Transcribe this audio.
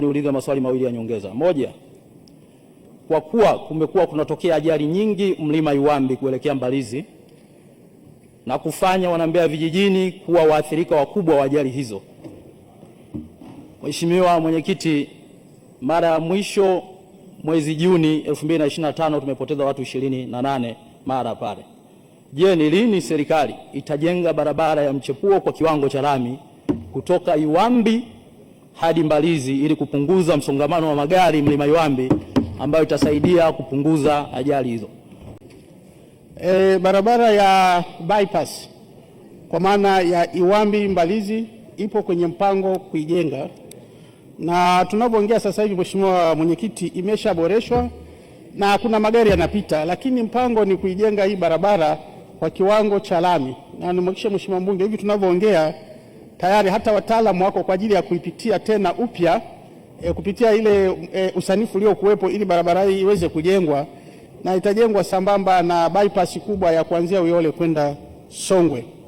Niulize maswali mawili ya nyongeza. Moja, kwa kuwa kumekuwa kunatokea ajali nyingi mlima Iwambi kuelekea Mbalizi na kufanya wanambea vijijini kuwa waathirika wakubwa wa ajali hizo, Mheshimiwa Mwenyekiti, mara ya mwisho mwezi Juni 2025 tumepoteza watu 28 mara pale. Je, ni lini serikali itajenga barabara ya mchepuo kwa kiwango cha lami kutoka Iwambi hadi Mbalizi ili kupunguza msongamano wa magari mlima Iwambi, ambayo itasaidia kupunguza ajali hizo. E, barabara ya bypass kwa maana ya Iwambi Mbalizi ipo kwenye mpango kuijenga, na tunavyoongea sasa hivi, Mheshimiwa Mwenyekiti, imeshaboreshwa na kuna magari yanapita, lakini mpango ni kuijenga hii barabara kwa kiwango cha lami, na nimhakikishie Mheshimiwa Mbunge hivi tunavyoongea tayari hata wataalamu wako kwa ajili ya kuipitia tena upya e, kupitia ile e, usanifu uliokuwepo ili barabara hii iweze kujengwa na itajengwa sambamba na bypass kubwa ya kuanzia Uyole kwenda Songwe.